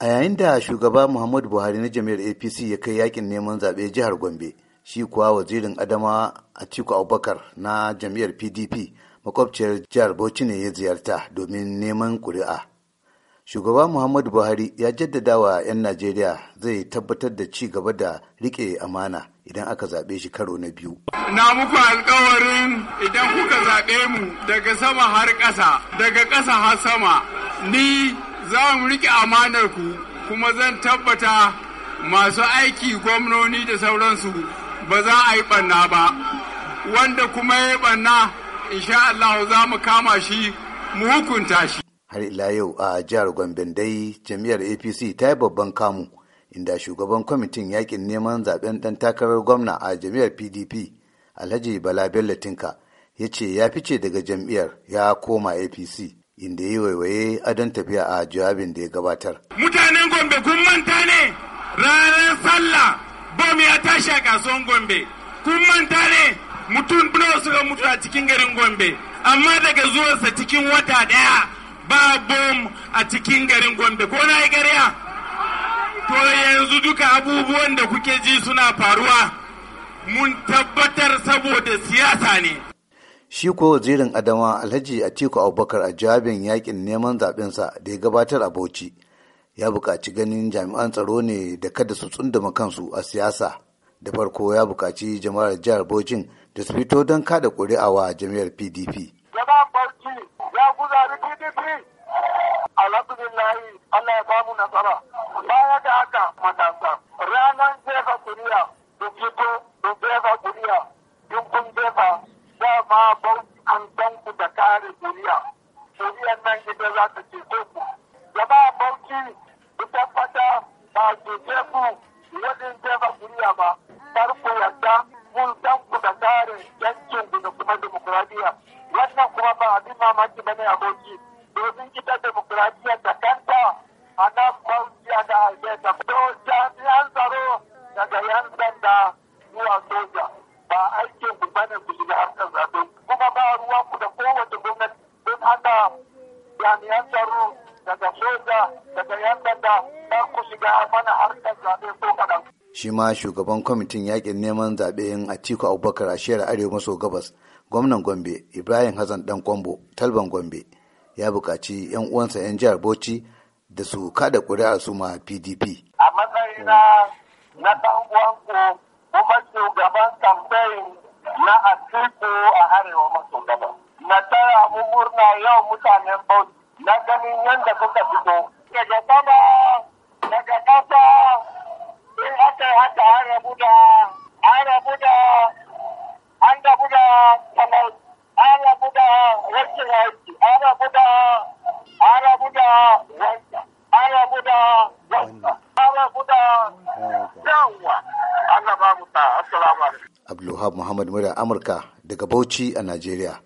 a yayin da shugaba muhammadu buhari na jami'ar apc ya kai yakin neman zaɓe jihar gombe shi kuwa wazirin adama atiku abubakar na jami'ar pdp makwabciyar jihar bauchi ne ya ziyarta domin neman ƙuri'a shugaba muhammadu buhari ya jaddada wa 'yan najeriya zai tabbatar da ci gaba da riƙe amana idan aka zaɓe shi karo na biyu. Na muku alkawarin idan kuka zaɓe mu daga sama har ƙasa, daga ƙasa har sama, ni za mu riƙe amanar ku kuma zan tabbata masu aiki gwamnoni da sauransu ba za a yi ɓanna ba wanda kuma ya yi ɓanna sha Allah za mu kama shi mu hukunta shi. Har ila yau a jihar Gombe dai jami'ar APC ta yi babban kamu inda shugaban kwamitin yakin neman zaben ɗan takarar gwamna a jami'ar PDP Alhaji Bala Bello Tinka ya ce ya fice daga jam'iyyar ya koma APC. inda ya waiwaye adon tafiya a jawabin da ya gabatar. Mutanen Gombe kun manta ne ranar sallah bom ya tashi a kasuwan Gombe. Kun manta ne mutum nawa suka mutu a cikin garin Gombe. Amma daga zuwansa cikin wata daya ba bom a cikin garin Gombe. Ko na yi gariya? To yanzu duka abubuwan da kuke ji suna faruwa. Mun tabbatar saboda siyasa ne. Shi ko wazirin Adama Alhaji Atiku Abubakar a jawabin yakin neman zaɓensa da ya gabatar a Bauchi ya buƙaci ganin jami'an tsaro ne da kada su tsunduma kansu a siyasa. Da farko ya buƙaci jama'ar jihar Bauchin da su fito don kada ƙuri'a wa jami'ar PDP. ya alhamdulillahi Allah ya bamu nasara baya da haka matasa ranar jefa kuriya da fito da jefa kuriya in jefa dama bauchi an san ku da kare kuriya kuriyar nan ita za ta ce ko ku jama'a bauchi ku tabbata ba ke ku wajen jefa kuriya ba kar ku yarda kun san ku da kare yankin ku da kuma demokuraɗiyya wannan kuma ba abin mamaki ba ne aboki domin ita demokuraɗiyya da kanta a nan bauchi a da alberta to jami'an tsaro daga yan sanda zuwa soja ba aiki jami'an tsaro daga soja daga yan da don ku shiga mana harkar zaɓe ko kaɗan. Shi ma shugaban kwamitin yakin neman yin Atiku Abubakar a shiyar Arewa maso gabas, gwamnan Gombe Ibrahim Hassan Dan Kwambo, Talban Gombe, ya buƙaci 'yan uwansa 'yan jihar Bauchi da su kada ƙuri'ar su ma PDP. A matsayina na ɗan uwanku kuma shugaban kamfein na Atiku a Arewa maso suna yawan mutanen bauchi na ganin yadda suka fito daga sama daga kasa in aka yi haka an rabu da an rabu da an rabu da kamar an rabu da rashin aiki an rabu da an rabu da wasu an rabu da wanda an rabu da yawa Allah ba mu ta assalamu alaikum Abdulhab Muhammad Mura Amurka daga Bauchi a Najeriya